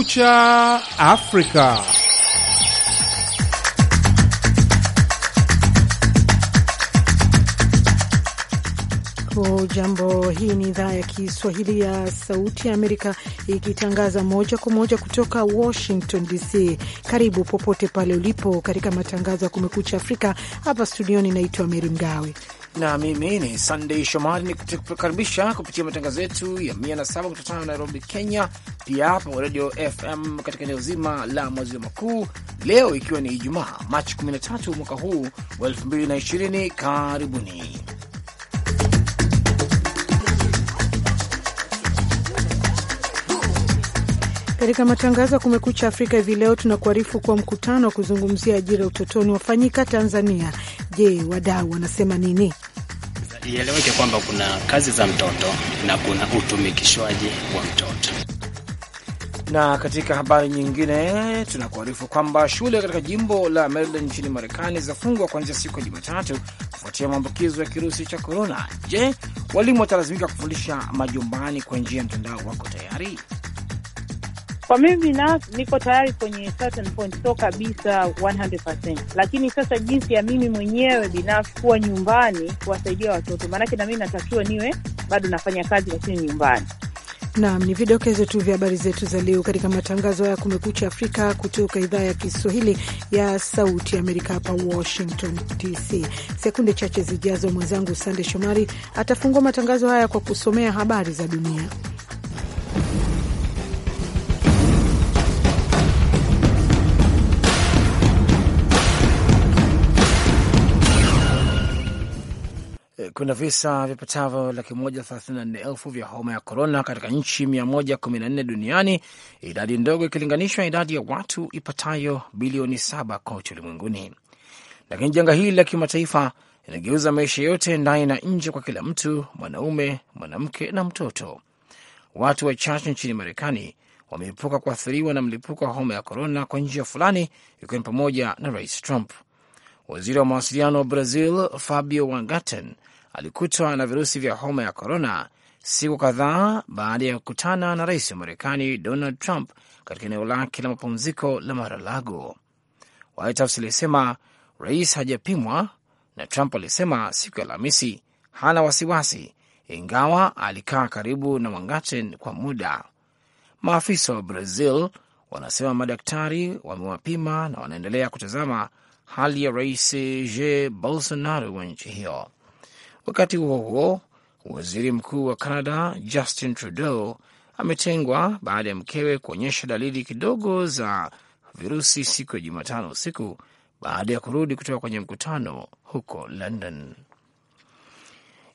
Kucha Afrika. Jambo, hii ni idhaa ya Kiswahili ya Sauti ya Amerika ikitangaza moja kwa moja kutoka Washington DC. Karibu popote pale ulipo katika matangazo ya Kumekucha Afrika. Hapa studioni naitwa Meri Mgawe na mimi ni sandey Shomari ni kukaribisha kupitia matangazo yetu ya 107.5 Nairobi, Kenya, pia hapo radio FM katika eneo zima la maziwa makuu. Leo ikiwa ni Ijumaa, Machi 13 mwaka huu wa 2020. Karibuni. Katika matangazo ya Kumekucha Afrika hivi leo tunakuarifu kuwa mkutano wa kuzungumzia ajira utotoni wafanyika Tanzania Je, wadau wanasema nini? Ieleweke kwamba kuna kazi za mtoto na kuna utumikishwaji wa mtoto. Na katika habari nyingine, tunakuarifu kwamba shule katika jimbo la Maryland nchini Marekani zitafungwa kuanzia siku ya Jumatatu kufuatia maambukizo ya kirusi cha korona. Je, walimu watalazimika kufundisha majumbani kwa njia ya mtandao? Wako tayari? Kwa mimi binafsi niko tayari kwenye certain point, so kabisa 100%, lakini sasa jinsi ya mimi mwenyewe binafsi kuwa nyumbani kuwasaidia watoto, maanake na mimi natakiwa niwe bado nafanya kazi lakini nyumbani. Naam, ni vidokezo tu vya habari zetu za leo katika matangazo ya Kumekucha Afrika kutoka idhaa ya Kiswahili ya Sauti Amerika hapa Washington DC. Sekunde chache zijazo, mwenzangu Sande Shomari atafungua matangazo haya kwa kusomea habari za dunia. Eh, kuna visa vipatavyo laki moja thelathini na nne elfu vya homa ya korona katika nchi mia moja kumi na nne duniani, idadi ndogo ikilinganishwa idadi ya watu ipatayo bilioni saba kote ulimwenguni. Lakini janga hili la kimataifa linageuza maisha yote ndani na nje kwa kila mtu, mwanaume, mwanamke na mtoto. Watu wachache nchini Marekani wameepuka kuathiriwa na mlipuko wa homa ya korona kwa njia fulani, ikiwa ni pamoja na Rais Trump. Waziri wa mawasiliano wa Brazil Fabio Wangaten alikutwa na virusi vya homa ya korona siku kadhaa baada ya kukutana na rais wa Marekani Donald Trump katika eneo lake la mapumziko la Maralago. White House ilisema rais hajapimwa na Trump alisema siku ya Alhamisi hana wasiwasi, ingawa alikaa karibu na Wangaten kwa muda. Maafisa wa Brazil wanasema madaktari wamewapima na wanaendelea kutazama hali ya rais Jair Bolsonaro wa nchi hiyo. Wakati huo huo, waziri mkuu wa Canada Justin Trudeau ametengwa baada ya mkewe kuonyesha dalili kidogo za virusi siku ya Jumatano usiku baada ya kurudi kutoka kwenye mkutano huko London.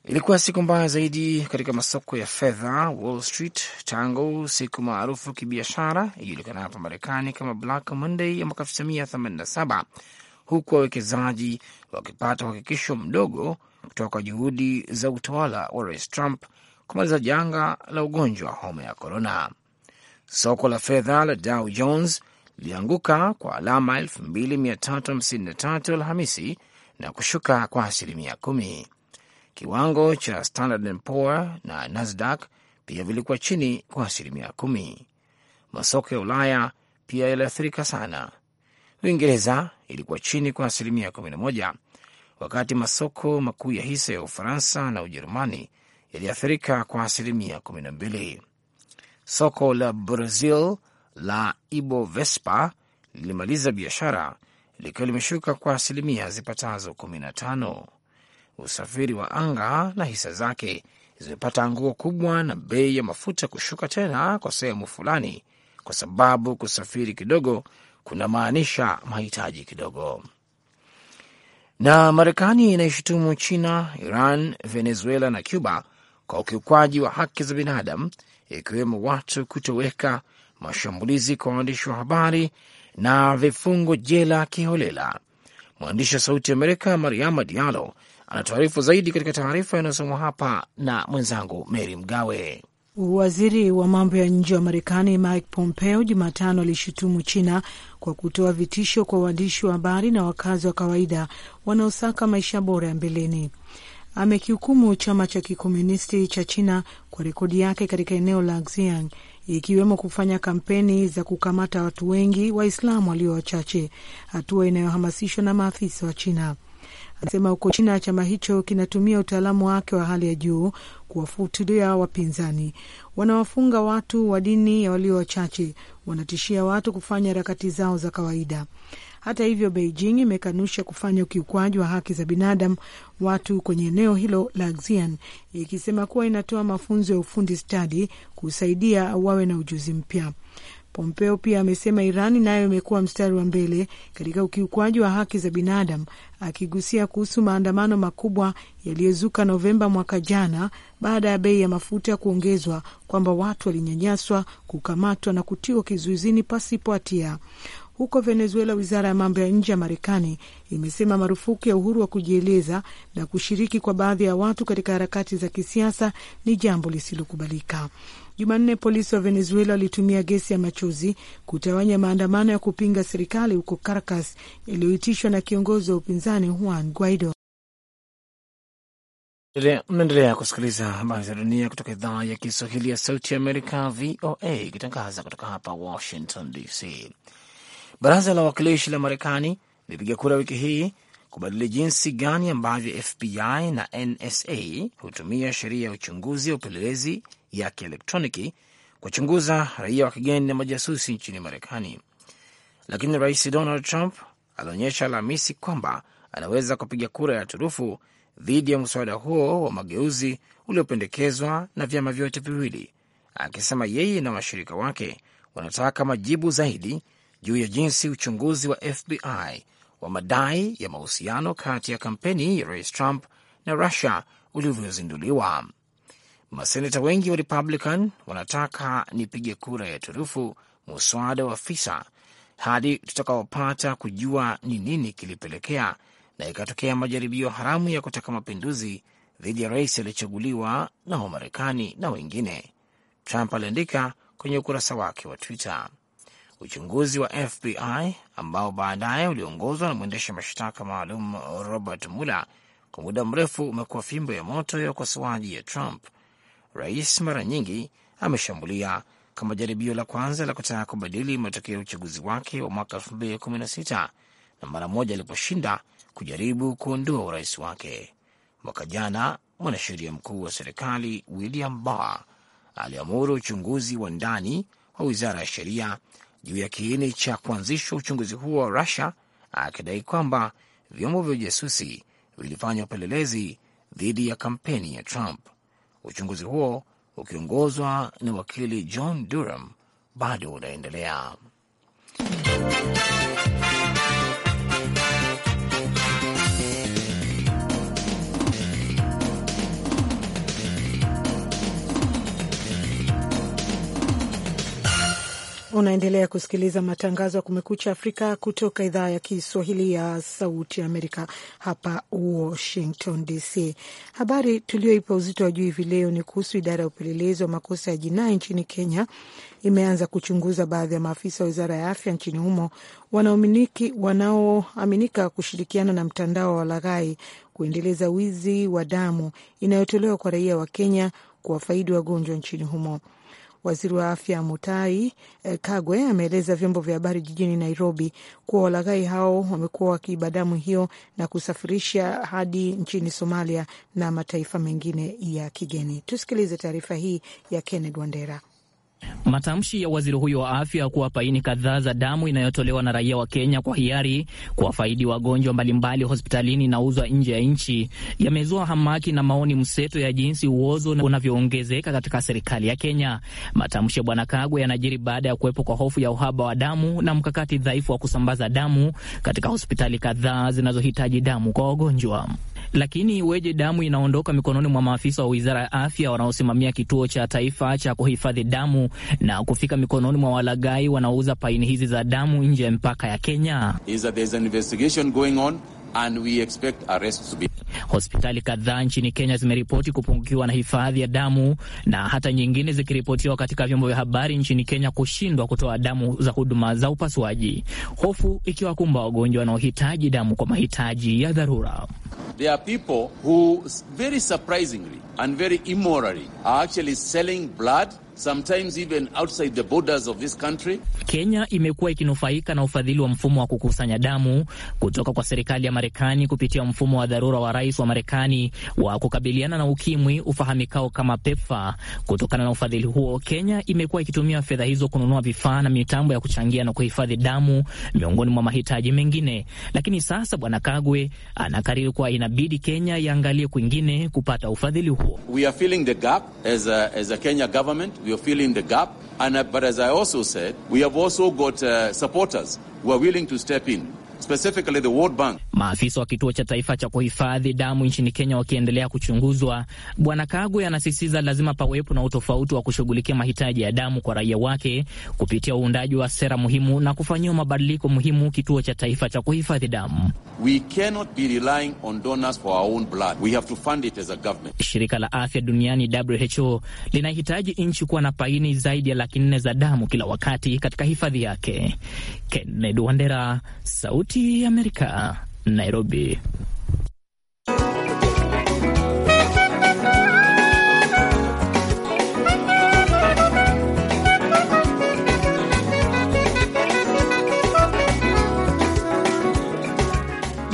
Ilikuwa siku mbaya zaidi katika masoko ya fedha Wall Street tangu siku maarufu kibiashara ijulikana hapa Marekani kama Black Monday ya mwaka 1987 huku wawekezaji wakipata uhakikisho mdogo kutoka kwa juhudi za utawala wa Rais Trump kumaliza janga la ugonjwa wa homa ya korona. Soko la fedha la Dow Jones lilianguka kwa alama 2353 Alhamisi na kushuka kwa asilimia kumi. Kiwango cha Standard and Poor na Nasdaq pia vilikuwa chini kwa asilimia kumi. Masoko ya Ulaya pia yaliathirika sana. Uingereza ilikuwa chini kwa asilimia 11 wakati masoko makuu ya hisa ya Ufaransa na Ujerumani yaliathirika kwa asilimia 12. Soko la Brazil la Ibovespa lilimaliza biashara likiwa limeshuka kwa asilimia zipatazo 15. Usafiri wa anga na hisa zake zimepata anguo kubwa na bei ya mafuta kushuka tena kwa sehemu fulani, kwa sababu kusafiri kidogo kuna maanisha mahitaji kidogo. Na Marekani inaishutumu China, Iran, Venezuela na Cuba kwa ukiukwaji wa haki za binadamu, ikiwemo watu kutoweka, mashambulizi kwa waandishi wa habari na vifungo jela kiholela. Mwandishi wa Sauti ya Amerika Mariama Diallo anatuarifu zaidi katika taarifa inayosomwa hapa na mwenzangu Meri Mgawe. Waziri wa mambo ya nje wa Marekani Mike Pompeo Jumatano alishutumu China kwa kutoa vitisho kwa waandishi wa habari na wakazi wa kawaida wanaosaka maisha bora ya mbeleni. Amekihukumu chama cha kikomunisti cha China kwa rekodi yake katika eneo la Xinjiang, ikiwemo kufanya kampeni za kukamata watu wengi Waislamu walio wachache, hatua inayohamasishwa na maafisa wa China. Anasema huko China chama hicho kinatumia utaalamu wake wa hali ya juu kuwafutilia wapinzani, wanawafunga watu wa dini walio wachache, wanatishia watu kufanya harakati zao za kawaida. Hata hivyo, Beijing imekanusha kufanya ukiukwaji wa haki za binadamu watu kwenye eneo hilo la Xi'an, ikisema kuwa inatoa mafunzo ya ufundi stadi kusaidia wawe na ujuzi mpya. Pompeo pia amesema Iran nayo imekuwa mstari wa mbele katika ukiukwaji wa haki za binadamu, akigusia kuhusu maandamano makubwa yaliyozuka Novemba mwaka jana baada ya bei ya mafuta kuongezwa, kwamba watu walinyanyaswa, kukamatwa na kutiwa kizuizini pasipo hatia. Huko Venezuela, wizara ya mambo ya nje ya Marekani imesema marufuku ya uhuru wa kujieleza na kushiriki kwa baadhi ya watu katika harakati za kisiasa ni jambo lisilokubalika. Jumanne polisi wa Venezuela walitumia gesi ya machozi kutawanya maandamano ya kupinga serikali huko Caracas yaliyoitishwa na kiongozi wa upinzani Juan Guaido. Mnaendelea kusikiliza habari za dunia kutoka idhaa ya Kiswahili ya Sauti ya Amerika, VOA, ikitangaza kutoka hapa Washington DC. Baraza la Wawakilishi la Marekani limepiga kura wiki hii kubadili jinsi gani ambavyo FBI na NSA hutumia sheria ya uchunguzi wa upelelezi ya kielektroniki kuchunguza raia wa kigeni na majasusi nchini Marekani. Lakini Rais Donald Trump alionyesha Alhamisi kwamba anaweza kupiga kura ya turufu dhidi ya mswada huo wa mageuzi uliopendekezwa na vyama vyote viwili, akisema yeye na washirika wake wanataka majibu zaidi juu ya jinsi uchunguzi wa FBI wa madai ya mahusiano kati ya kampeni ya Rais Trump na Russia ulivyozinduliwa. Maseneta wengi wa Republican wanataka nipige kura ya turufu muswada wa fisa hadi tutakaopata kujua ni nini kilipelekea na ikatokea majaribio haramu ya kutaka mapinduzi dhidi ya rais aliyechaguliwa na Wamarekani na wengine, Trump aliandika kwenye ukurasa wake wa Twitter. Uchunguzi wa FBI ambao baadaye uliongozwa na mwendesha mashtaka maalum Robert Mueller kwa muda mrefu umekuwa fimbo ya moto ya ukosoaji ya Trump rais mara nyingi ameshambulia kama jaribio la kwanza la kutaka kubadili matokeo ya uchaguzi wake wa mwaka 2016 na mara moja aliposhinda kujaribu kuondoa urais wake. Mwaka jana mwanasheria mkuu wa serikali William Barr aliamuru uchunguzi wa ndani wa wizara ya sheria juu ya kiini cha kuanzishwa uchunguzi huo wa Rusia, akidai kwamba vyombo vya ujasusi vilifanya upelelezi dhidi ya kampeni ya Trump. Uchunguzi huo ukiongozwa na wakili John Durham bado unaendelea. Unaendelea kusikiliza matangazo ya Kumekucha Afrika kutoka idhaa ya Kiswahili ya Sauti Amerika hapa Washington DC. Habari tulioipa uzito wa juu hivi leo ni kuhusu idara ya upelelezi wa makosa ya jinai nchini Kenya imeanza kuchunguza baadhi ya maafisa wa wizara ya afya nchini humo wanaoaminika kushirikiana na mtandao wa laghai kuendeleza wizi wa damu inayotolewa kwa raia wa Kenya kuwafaidi wagonjwa nchini humo. Waziri wa afya Mutai eh, Kagwe ameeleza vyombo vya habari jijini Nairobi kuwa walaghai hao wamekuwa wakiiba damu hiyo na kusafirisha hadi nchini Somalia na mataifa mengine ya kigeni. Tusikilize taarifa hii ya Kenneth Wandera. Matamshi ya waziri huyo wa afya kuwa paini kadhaa za damu inayotolewa na raia wa Kenya kwa hiari kuwafaidi wagonjwa mbalimbali hospitalini inauzwa nje ya nchi yamezua hamaki na maoni mseto ya jinsi uozo unavyoongezeka katika serikali ya Kenya. Matamshi ya Bwana Kagwe yanajiri baada ya kuwepo kwa hofu ya uhaba wa damu na mkakati dhaifu wa kusambaza damu katika hospitali kadhaa zinazohitaji damu kwa wagonjwa. Lakini weje damu inaondoka mikononi mwa maafisa wa wizara ya afya wanaosimamia kituo cha taifa cha kuhifadhi damu na kufika mikononi mwa walagai wanaouza paini hizi za damu nje ya mipaka ya Kenya? Is that and we expect arrests to be. Hospitali kadhaa nchini Kenya zimeripoti kupungukiwa na hifadhi ya damu na hata nyingine zikiripotiwa katika vyombo vya habari nchini Kenya kushindwa kutoa damu za huduma za upasuaji, hofu ikiwakumba wagonjwa wanaohitaji damu kwa mahitaji ya dharura. There are people who very surprisingly and very immorally are actually selling blood sometimes even outside the borders of this country. Kenya imekuwa ikinufaika na ufadhili wa mfumo wa kukusanya damu kutoka kwa serikali ya Marekani kupitia mfumo wa dharura wa rais wa Marekani wa kukabiliana na ukimwi ufahamikao kama PEPFAR. Kutokana na ufadhili huo, Kenya imekuwa ikitumia fedha hizo kununua vifaa na mitambo ya kuchangia na kuhifadhi damu miongoni mwa mahitaji mengine. Lakini sasa Bwana Kagwe anakariri kuwa inabidi Kenya iangalie kwingine kupata ufadhili huo huo. We are filling the gap as a, as a Kenya government. We are filling the gap. And, uh, but as I also said, we have also got uh, supporters who are willing to step in specifically the World Bank. Maafisa wa kituo cha taifa cha kuhifadhi damu nchini Kenya wakiendelea kuchunguzwa, Bwana Kagwe anasisitiza lazima pawepo na utofauti wa kushughulikia mahitaji ya damu kwa raia wake kupitia uundaji wa sera muhimu na kufanyiwa mabadiliko muhimu kituo cha taifa cha kuhifadhi damu. We cannot be relying on donors for our own blood. We have to fund it as a government. Shirika la afya duniani WHO linahitaji nchi kuwa na paini zaidi ya laki nne za damu kila wakati katika hifadhi yake. Kennedy Wandera, Sauti Sauti ya Amerika, Nairobi.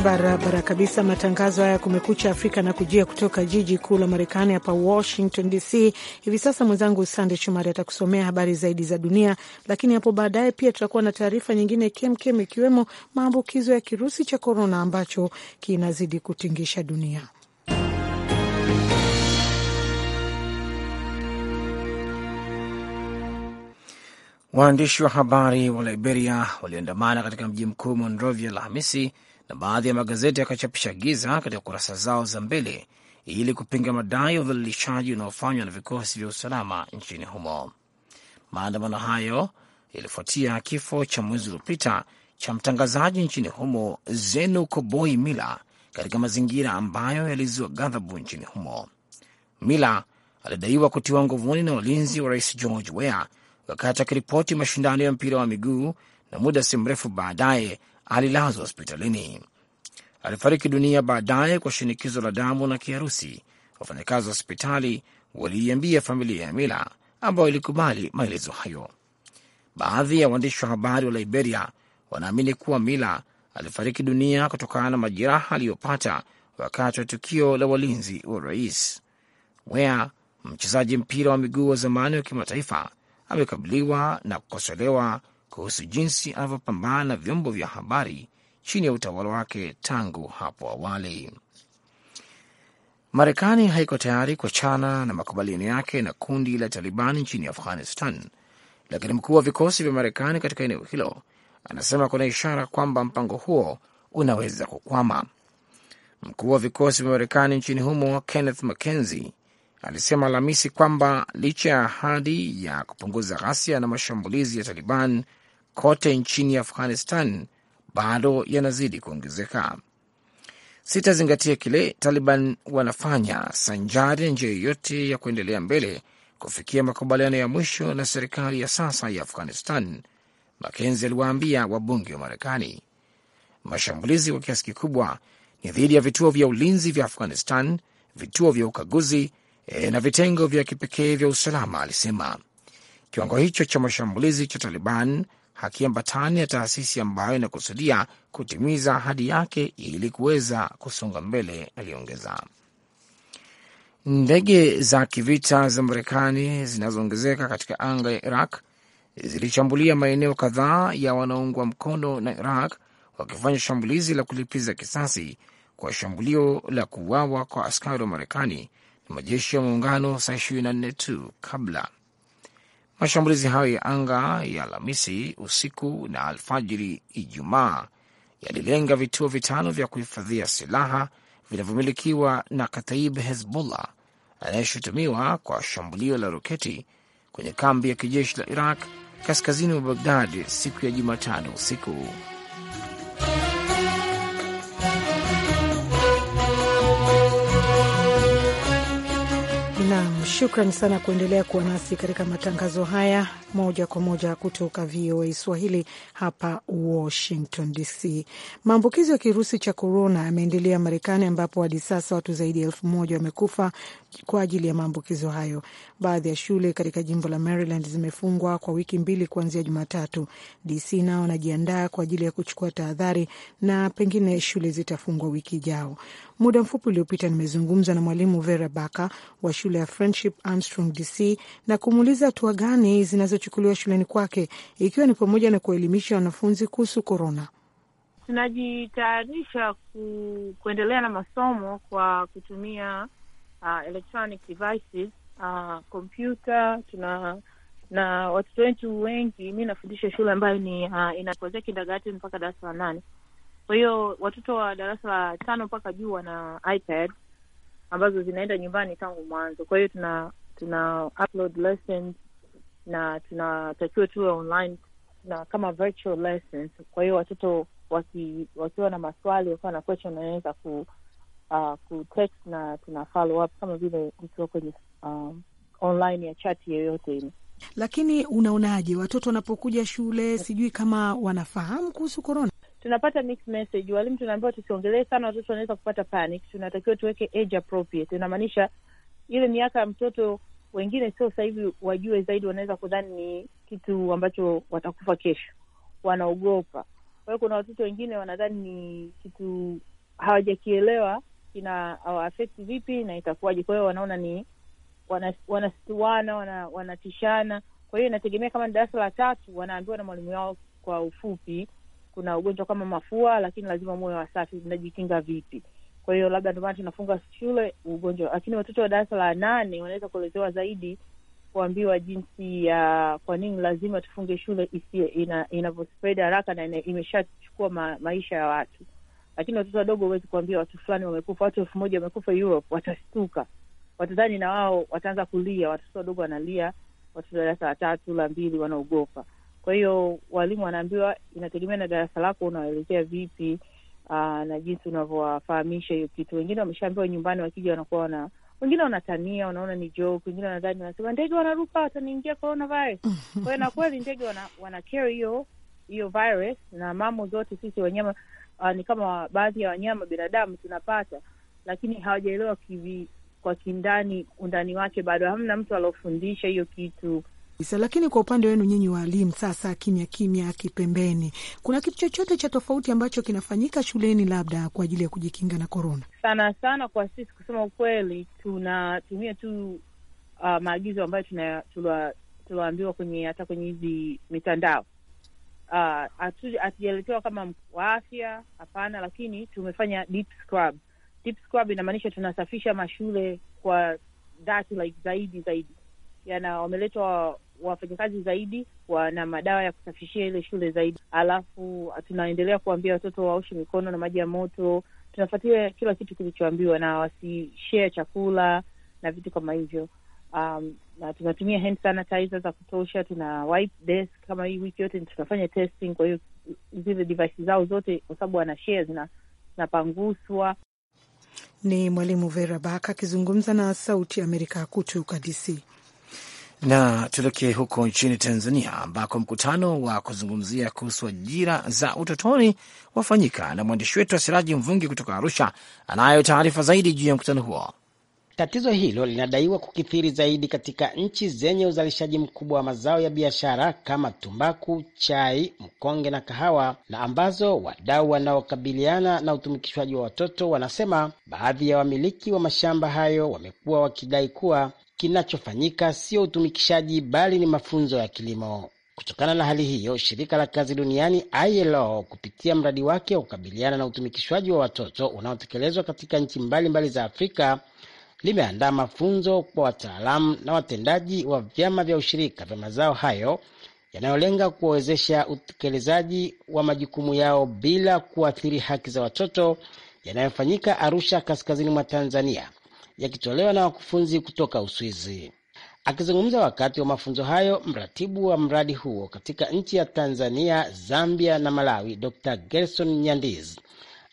Barabara kabisa. Matangazo haya Kumekucha Afrika na kujia kutoka jiji kuu la Marekani, hapa Washington DC. Hivi sasa mwenzangu Sande Shumari atakusomea habari zaidi za dunia, lakini hapo baadaye pia tutakuwa na taarifa nyingine kemkem, ikiwemo maambukizo ya kirusi cha korona ambacho kinazidi kutingisha dunia. Waandishi wa habari wa Liberia waliandamana katika mji mkuu Monrovia Alhamisi na baadhi ya magazeti yakachapisha giza katika kurasa zao za mbele ili kupinga madai ya udhalilishaji unaofanywa na vikosi vya usalama nchini humo. Maandamano hayo yalifuatia kifo cha mwezi uliopita cha mtangazaji nchini humo Zenu Koboi Mila katika mazingira ambayo yalizua ghadhabu nchini humo. Mila alidaiwa kutiwa nguvuni na walinzi wa rais George Weah wakati akiripoti mashindano ya mpira wa miguu, na muda si mrefu baadaye alilazwa hospitalini. Alifariki dunia baadaye kwa shinikizo la damu na kiharusi. Wafanyakazi wa hospitali waliiambia familia ya Mila ambayo ilikubali maelezo hayo. Baadhi ya waandishi wa habari wa Liberia wanaamini kuwa Mila alifariki dunia kutokana na majeraha aliyopata wakati wa tukio la walinzi wa rais. Wea, mchezaji mpira wa miguu wa zamani wa kimataifa, amekabiliwa na kukosolewa kuhusu jinsi anavyopambana na vyombo vya habari chini ya utawala wake tangu hapo awali. Marekani haiko tayari kuachana na makubaliano yake na kundi la Taliban nchini Afghanistan, lakini mkuu wa vikosi vya Marekani katika eneo hilo anasema kuna ishara kwamba mpango huo unaweza kukwama. Mkuu wa vikosi vya Marekani nchini humo Kenneth McKenzie alisema Alhamisi kwamba licha ya ahadi ya kupunguza ghasia na mashambulizi ya Taliban kote nchini Afghanistan bado yanazidi kuongezeka. Sitazingatia kile Taliban wanafanya sanjari na njia yoyote ya kuendelea mbele kufikia makubaliano ya mwisho na serikali ya sasa ya Afghanistan, Makenzi aliwaambia wabunge wa Marekani. Mashambulizi kwa kiasi kikubwa ni dhidi ya vituo vya ulinzi vya Afghanistan, vituo vya ukaguzi e, na vitengo vya kipekee vya usalama, alisema. Kiwango hicho cha mashambulizi cha Taliban hakiambatani na taasisi ambayo inakusudia kutimiza ahadi yake ili kuweza kusonga mbele, aliongeza. Ndege za kivita za Marekani zinazoongezeka katika anga ya Iraq zilishambulia maeneo kadhaa ya wanaoungwa mkono na Iraq wakifanya shambulizi la kulipiza kisasi kwa shambulio la kuuawa kwa askari wa Marekani na majeshi ya muungano saa 24 tu kabla Mashambulizi hayo ya anga ya Alhamisi usiku na alfajiri Ijumaa yalilenga vituo vitano vya kuhifadhia silaha vinavyomilikiwa na Kataib Hezbollah anayeshutumiwa kwa shambulio la roketi kwenye kambi ya kijeshi la Iraq kaskazini mwa Bagdad siku ya Jumatano usiku shukran sana kuendelea kuwa nasi katika matangazo haya moja kwa moja kutoka VOA Swahili hapa Washington DC. Maambukizi ya kirusi cha korona yameendelea Marekani, ambapo hadi sasa watu zaidi ya elfu moja wamekufa kwa ajili ya maambukizo hayo. Baadhi ya shule katika jimbo la Maryland zimefungwa kwa wiki mbili kuanzia Jumatatu. DC nao wanajiandaa kwa ajili ya kuchukua tahadhari na pengine shule zitafungwa wiki ijao. Muda mfupi uliopita nimezungumza na mwalimu Vera Baka wa shule ya French Friendship Armstrong DC, na kumuuliza hatua gani zinazochukuliwa shuleni kwake ikiwa ni pamoja na kuwaelimisha wanafunzi kuhusu korona. Tunajitayarisha ku, kuendelea na masomo kwa kutumia uh, electronic devices kompyuta uh, tuna na watoto wetu wengi, mi nafundisha shule ambayo ni uh, inakuanzia kindagati mpaka darasa la nane. Kwa hiyo watoto wa darasa la tano mpaka juu wana iPad ambazo zinaenda nyumbani tangu mwanzo. Kwa hiyo tuna tuna upload lessons na tunatakiwa tuwe online na kama virtual lessons. Kwa hiyo watoto waki, wakiwa na maswali wakiwa na question wanaweza ku, uh, ku text na tuna follow up kama vile ukiwa kwenye um, online ya chati yoyote ile. Lakini unaonaje watoto wanapokuja shule, sijui kama wanafahamu kuhusu korona? tunapata mixed message. Walimu tunaambiwa tusiongelee sana, watoto wanaweza kupata panic. Tunatakiwa tuweke age appropriate, inamaanisha ile miaka ya mtoto wengine sio sasa hivi wajue zaidi, wanaweza kudhani ni kitu ambacho watakufa kesho, wanaogopa. Kwa hiyo kuna watoto wengine wanadhani ni kitu hawajakielewa kina affect vipi na itakuwaje. Kwa hiyo wanaona ni wanasituana, wana, wanatishana. Kwa hiyo inategemea kama ni darasa la tatu, wanaambiwa na mwalimu wao kwa ufupi kuna ugonjwa kama mafua, lakini lazima muwe wasafi. Mnajikinga vipi? Kwa hiyo labda ndio maana tunafunga shule ugonjwa, lakini watoto wa darasa la nane wanaweza kuelezewa zaidi, kuambiwa jinsi ya kwa nini lazima tufunge shule inavyospedi ina haraka na imeshachukua ma, maisha ya watu. Lakini watoto wadogo huwezi kuambia watu fulani wamekufa, watu elfu moja wamekufa Europe, watashtuka, watadhani na wao wataanza kulia. Watoto wadogo wanalia, watoto wa darasa la tatu la mbili wanaogopa kwa hiyo walimu wanaambiwa inategemea na darasa lako unawaelezea vipi, aa, ah, na jinsi unavyowafahamisha hiyo kitu. Wengine wameshaambiwa nyumbani, wakija wanakuwa wana wengine wanatania, wanaona ni joke, wengine wanadhani, wanasema ndege wanaruka wataniingia coronavirus. Kwa hiyo na kweli ndege wana, wana carry hiyo hiyo virus, na mambo zote sisi wanyama uh, ni kama baadhi ya wanyama binadamu tunapata, lakini hawajaelewa kivi kwa kindani undani wake, bado hamna mtu aliofundisha hiyo kitu kabisa. Lakini kwa upande wenu nyinyi waalimu, sasa kimya kimya kipembeni, kuna kitu chochote cha tofauti ambacho kinafanyika shuleni labda kwa ajili ya kujikinga na korona? Sana sana kwa sisi, kusema ukweli, tunatumia tu uh, maagizo ambayo tuliwaambiwa kwenye hata kwenye hizi mitandao hatujaletewa uh, kama wa afya hapana, lakini tumefanya deep scrub. Deep scrub inamaanisha tunasafisha mashule kwa dhati like zaidi zaidi, yana wameletwa wafanyakazi zaidi, wana madawa ya kusafishia ile shule zaidi, alafu tunaendelea kuambia watoto waoshe mikono na maji ya moto. Tunafuatilia kila kitu kilichoambiwa na wasishea chakula na vitu kama hivyo. Um, na tunatumia hand sanitizer za kutosha, tuna wipe desk. Kama hii wiki yote tunafanya testing, kwa hiyo zile device zao zote, kwa sababu wana share zina zinapanguswa. Ni mwalimu Vera Bak akizungumza na Sauti ya Amerika kutoka DC. Na tuelekee huko nchini Tanzania ambako mkutano wa kuzungumzia kuhusu ajira za utotoni wafanyika, na mwandishi wetu wa Siraji Mvungi kutoka Arusha anayo taarifa zaidi juu ya mkutano huo. Tatizo hilo linadaiwa kukithiri zaidi katika nchi zenye uzalishaji mkubwa wa mazao ya biashara kama tumbaku, chai, mkonge na kahawa, na ambazo wadau wanaokabiliana na utumikishwaji wa watoto wanasema baadhi ya wamiliki wa mashamba hayo wamekuwa wakidai kuwa kinachofanyika sio utumikishaji bali ni mafunzo ya kilimo. Kutokana na hali hiyo, shirika la kazi duniani ILO kupitia mradi wake wa kukabiliana na utumikishwaji wa watoto unaotekelezwa katika nchi mbalimbali za Afrika limeandaa mafunzo kwa wataalamu na watendaji wa vyama vya ushirika vya mazao hayo yanayolenga kuwawezesha utekelezaji wa majukumu yao bila kuathiri haki za watoto yanayofanyika Arusha, kaskazini mwa Tanzania yakitolewa na wakufunzi kutoka Uswizi. Akizungumza wakati wa mafunzo hayo, mratibu wa mradi huo katika nchi ya Tanzania, Zambia na Malawi, Dr Gerson Nyandiz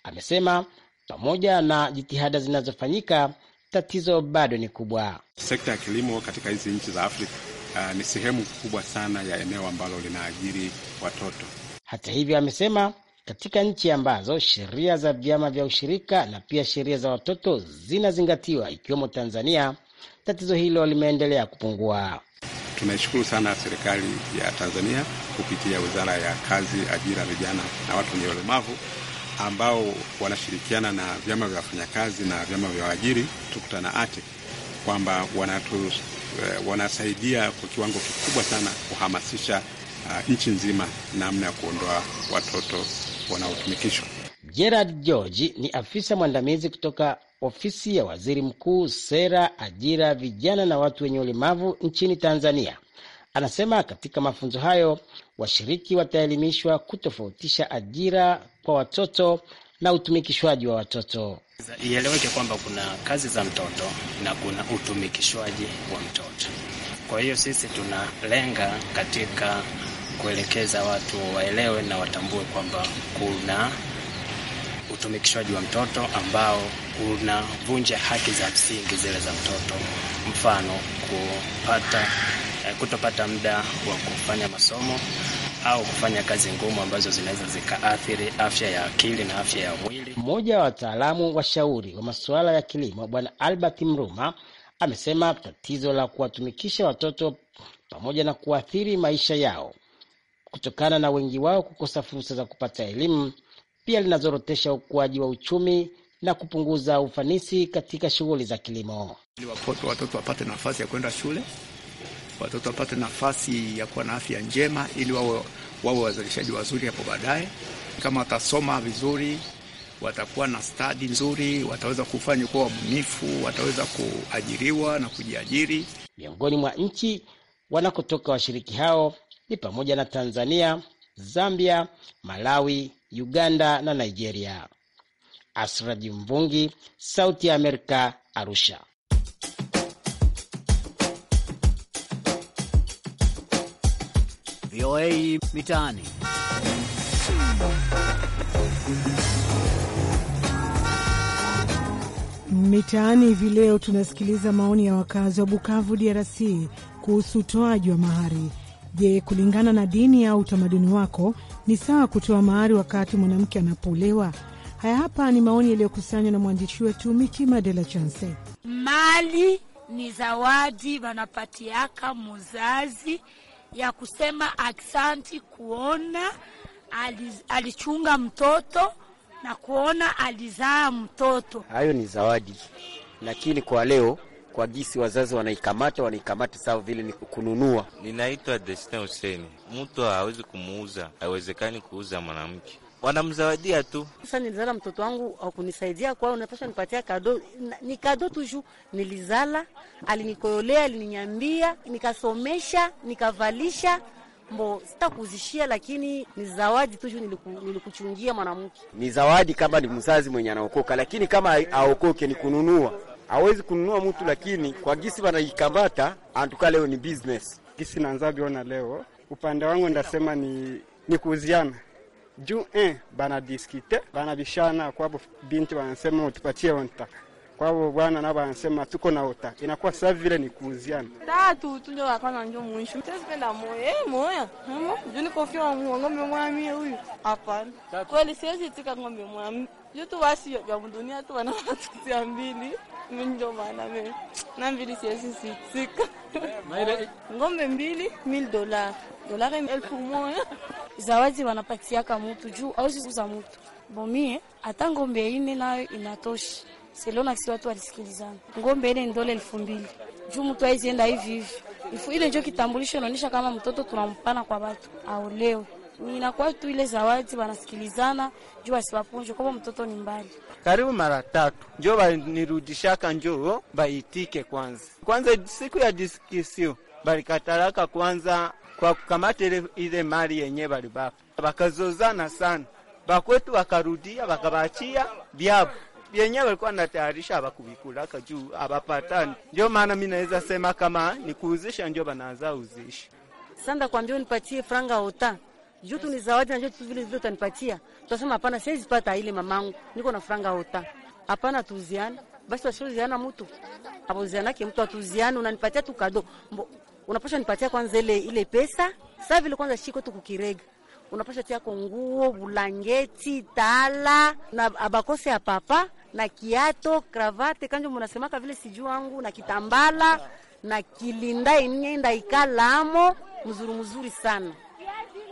amesema pamoja na jitihada zinazofanyika, tatizo bado ni kubwa. Sekta ya kilimo katika hizi nchi za Afrika uh, ni sehemu kubwa sana ya eneo ambalo linaajiri watoto. Hata hivyo, amesema katika nchi ambazo sheria za vyama vya ushirika na pia sheria za watoto zinazingatiwa ikiwemo Tanzania, tatizo hilo limeendelea kupungua. Tunaishukuru sana serikali ya Tanzania kupitia Wizara ya Kazi, Ajira, Vijana na Watu wenye Ulemavu ambao wanashirikiana na vyama vya wafanyakazi na vyama vya waajiri, tukutana ate kwamba wanatu, eh, wanasaidia kwa kiwango kikubwa sana kuhamasisha uh, nchi nzima namna ya kuondoa watoto wanaotumikishwa. Gerard George ni afisa mwandamizi kutoka ofisi ya waziri mkuu, sera, ajira, vijana na watu wenye ulemavu nchini Tanzania. Anasema katika mafunzo hayo washiriki wataelimishwa kutofautisha ajira kwa watoto na utumikishwaji wa watoto. Ieleweke kwamba kuna kazi za mtoto na kuna utumikishwaji wa mtoto. Kwa hiyo sisi tunalenga katika kuelekeza watu waelewe na watambue kwamba kuna utumikishwaji wa mtoto ambao unavunja haki za msingi zile za mtoto, mfano kupata eh, kutopata muda wa kufanya masomo au kufanya kazi ngumu ambazo zinaweza zikaathiri afya ya akili na afya ya mwili. Mmoja wa wataalamu washauri wa masuala ya kilimo Bwana Albert Mruma amesema tatizo la kuwatumikisha watoto pamoja na kuathiri maisha yao kutokana na wengi wao kukosa fursa za kupata elimu, pia linazorotesha ukuaji wa uchumi na kupunguza ufanisi katika shughuli za kilimo. Ili watoto wapate nafasi ya kwenda shule, watoto wapate nafasi ya kuwa na afya njema, ili wawe wawe wazalishaji wazuri hapo baadaye. Kama watasoma vizuri, watakuwa na stadi nzuri, wataweza kufanya kuwa wabunifu, wataweza kuajiriwa na kujiajiri. Miongoni mwa nchi wanakotoka washiriki hao ni pamoja na Tanzania, Zambia, Malawi, Uganda na Nigeria. Asraji Mvungi, Sauti ya Amerika, Arusha. VOA Mitaani. Mitaani hivi leo tunasikiliza maoni ya wakazi wa Bukavu, DRC kuhusu utoaji wa mahari. Je, kulingana na dini au utamaduni wako ni sawa kutoa mahari wakati mwanamke anapoolewa? Haya hapa ni maoni yaliyokusanywa na mwandishi wetu Miki Madela Chanse. Mali ni zawadi wanapatiaka muzazi ya kusema aksanti kuona alichunga mtoto na kuona alizaa mtoto. Hayo ni zawadi, lakini kwa leo kwa jinsi wazazi wanaikamata, wanaikamata sawa vile ni kununua. Ninaitwa Destin Huseni. Mtu hawezi kumuuza, haiwezekani kuuza mwanamke wanamzawadia tu. Sasa nilizala mtoto wangu akunisaidia, kwao, unapasha nipatia kado, ni kado tuju. Nilizala, alinikoolea, alininyambia, nikasomesha, nikavalisha mbo sitakuzishia, lakini ni zawadi tu niliku, nilikuchungia mwanamke. Ni zawadi kama ni mzazi mwenye anaokoka, lakini kama aokoke ni kununua hawezi kununua mtu, lakini kwa gisi wanaikamata antuka, leo ni business gisi nanzabiona leo. Upande wangu ndasema ni, ni kuuziana juu eh, bana bishana kwabo, binti wanasema utupatie wanataka kwa hiyo bwana nabo anasema tuko na ota, inakuwa sasa vile ni kuuziana tatu tunjo akana njo mwisho sipenda moyo eh moyo ndio hmm? niko fia ng'ombe mwami huyu hapana, kweli siwezi tika ng'ombe mwami yutu wasi ya dunia tu wana watukutia mbili minjo maana mimi na mbili siwezi sitika ng'ombe mbili mil dola dola elfu moja zawadi wanapatiaka mutu juu au siku za mutu bomie hata ng'ombe ine nayo inatoshi Selona kisi watu walisikilizana. Ngombe ile ndole elfu mbili. Juu mtu haizi enda hivi hivi. Ifu ile njoo kitambulisho inaonyesha kama mtoto tunampana kwa watu. Ah, au leo. Inakuwa tu ile zawadi wanasikilizana juu asiwapunjwe kama mtoto ni mbali. Karibu mara tatu. Njoo banirudishaka njoo baitike kwanza. Kwanza siku ya disikisio. Balikatalaka kwanza kwa kukamata ile, ile mali yenye balibapa. Bakazozana sana. Bakwetu wakarudia bakabachia byabo yenyewe walikuwa natayarisha abakubikulaka juu abapatani. Ndio maana mi naweza sema kama ni kuuzisha, ndio banaanza uzishi Sasa ndakwambia unipatie franga ota juu tu ni zawadi na juu vile vile utanipatia. Tutasema hapana, siwezi pata ile mamangu, niko na franga ota. Hapana, tuuziane basi, tusiuziana mtu abauzianake mtu atuuziane, unanipatia tu kado, unapasha nipatia kwanza ile ile pesa. Sasa vile kwanza shiko tu kukirega unapasha tiako nguo, bulangeti, tala na abakose ya papa na kiato, kravate kanjo munasemaka vile siju wangu na kitambala na kilinda enyenda ikalamo mzuri mzuri sana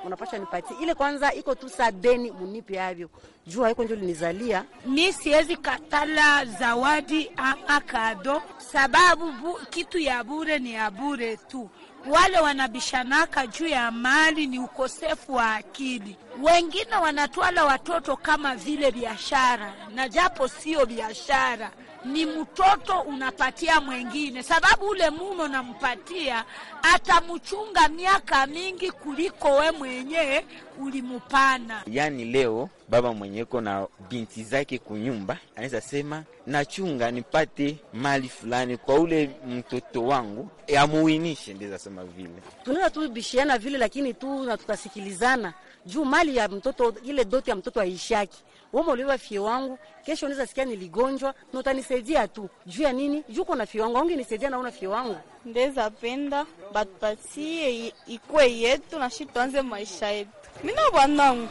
unapasha nipatie ile kwanza, iko tu sadeni deni munipe yavyo juu haiko ndio linizalia mi. Siwezi katala zawadi ama kado, sababu bu, kitu ya bure ni ya bure tu wale wanabishanaka juu ya mali ni ukosefu wa akili. Wengine wanatwala watoto kama vile biashara, na japo sio biashara ni mtoto unapatia mwengine, sababu ule mume unampatia atamuchunga miaka mingi kuliko we mwenyewe ulimupana. Yani leo baba mwenyeko na binti zake kunyumba, anaweza sema nachunga nipate mali fulani kwa ule mtoto wangu amuinishe, amuwinishe. Ndiza sema vile tunaweza tubishiana vile, lakini tu na tukasikilizana juu mali ya mtoto ile doti ya mtoto aishaki wewe uliwa fie wangu, kesho unaweza sikia niligonjwa, na utanisaidia tu. Juu ya nini? Juu na fie wangu, ungenisaidia na una fie wangu. Ndeza penda batupatie ikwe yetu na shi tuanze maisha yetu. mina bwanangu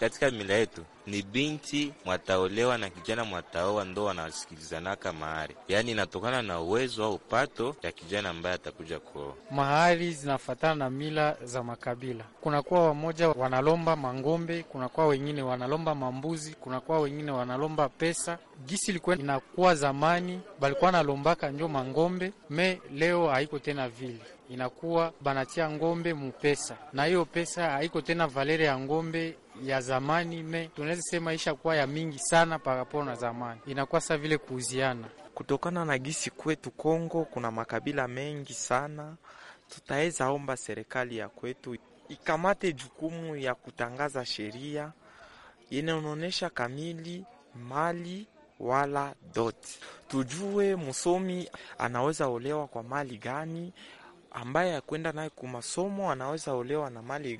katika mila yetu ni binti mwataolewa na kijana mwataoa, ndo wanasikilizanaka mahari. Yaani inatokana na uwezo au pato ya kijana ambaye atakuja kuoa. Mahari zinafatana na mila za makabila. Kunakuwa wamoja wanalomba mangombe, kunakuwa wengine wanalomba mambuzi, kunakuwa wengine wanalomba pesa. Gisi ilikuwa inakuwa zamani, balikuwa nalombaka njo mangombe, me leo haiko tena vile inakuwa banatia ngombe mupesa, na hiyo pesa haiko tena valere ya ngombe ya zamani me tunaweza sema isha kuwa ya mingi sana parapo na zamani, inakuwa sa vile kuuziana kutokana na gisi kwetu Kongo kuna makabila mengi sana. Tutaweza omba serikali ya kwetu ikamate jukumu ya kutangaza sheria unaonesha kamili mali wala dot, tujue msomi anaweza olewa kwa mali gani ambaye akwenda naye kumasomo anaweza olewa na mali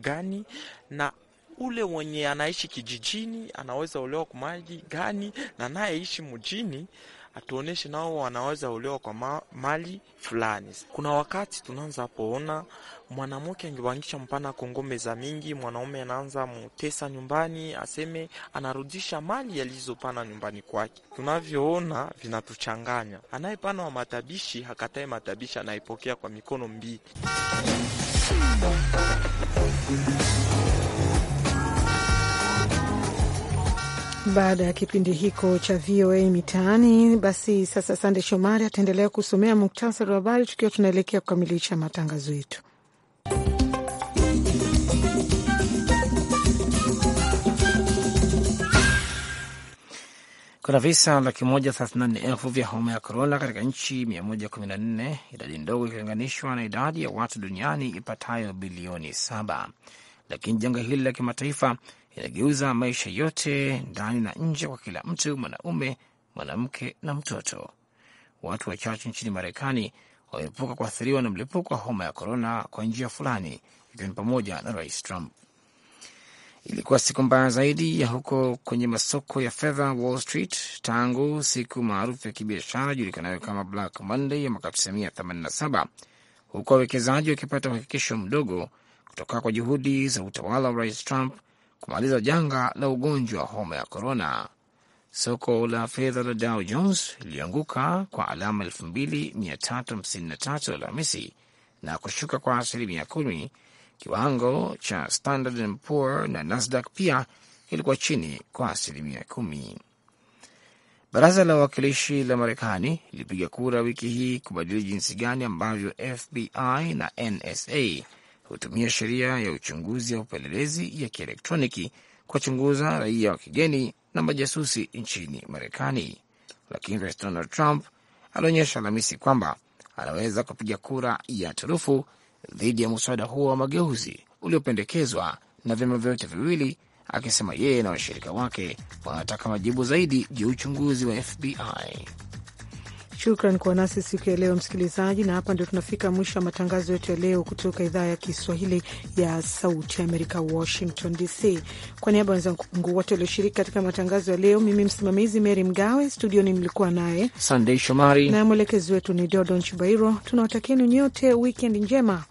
gani, na ule mwenye anaishi kijijini anaweza olewa kwa maji gani, na anayeishi mjini atuoneshe nao wanaweza olewa kwa ma mali fulani. Kuna wakati tunaanza poona mwanamke angewangisha mpana kwa ngombe za mingi, mwanaume anaanza mutesa nyumbani, aseme anarudisha mali alizopana nyumbani kwake. Tunavyoona vinatuchanganya, anayepana wa matabishi hakatae matabishi, anaipokea kwa mikono mbili Baada ya kipindi hiko cha VOA Mitaani, basi sasa Sande Shomari ataendelea kusomea muktasari wa habari tukiwa tunaelekea kukamilisha matangazo yetu. Kuna visa laki moja thelathini na nne elfu vya homa ya korona katika nchi 114, idadi ndogo ikilinganishwa na idadi ya watu duniani ipatayo bilioni saba, lakini janga hili la kimataifa inageuza maisha yote ndani na nje kwa kila mtu, mwanaume, mwanamke na mtoto. Watu wachache nchini Marekani wameepuka kuathiriwa na mlipuko wa homa ya korona kwa njia fulani, ikiwa ni pamoja na Rais Trump. Ilikuwa siku mbaya zaidi ya huko kwenye masoko ya fedha Wall Street tangu siku maarufu ya kibiashara julikanayo kama Black Monday ya mwaka 1987 huku wawekezaji wakipata uhakikisho mdogo kutoka kwa juhudi za utawala wa Rais Trump kumaliza janga la ugonjwa wa homa ya korona. Soko la fedha la Dow Jones lilianguka kwa alama 2353 Alhamisi na kushuka kwa asilimia kumi. Kiwango cha Standard and Poor na Nasdaq pia kilikuwa chini kwa asilimia kumi. Baraza la Wawakilishi la Marekani lilipiga kura wiki hii kubadili jinsi gani ambavyo FBI na NSA hutumia sheria ya uchunguzi ya upelelezi ya kielektroniki kuwachunguza raia wa kigeni na majasusi nchini Marekani. Lakini rais Donald Trump alionyesha Alhamisi kwamba anaweza kupiga kura ya turufu dhidi ya mswada huo wa mageuzi uliopendekezwa na vyama vyote viwili, akisema yeye na washirika wake wanataka majibu zaidi juu ya uchunguzi wa FBI. Shukran kwa nasi siku ya leo msikilizaji, na hapa ndio tunafika mwisho wa matangazo yetu ya leo kutoka idhaa ya Kiswahili ya Sauti ya Amerika, Washington DC. Kwa niaba ya wenzangu wote walioshiriki katika matangazo ya leo, mimi msimamizi mery Mgawe, studioni mlikuwa naye Sandei Shomari na mwelekezi wetu ni Dodon Chibairo. Tunawatakieni nyote wikendi njema.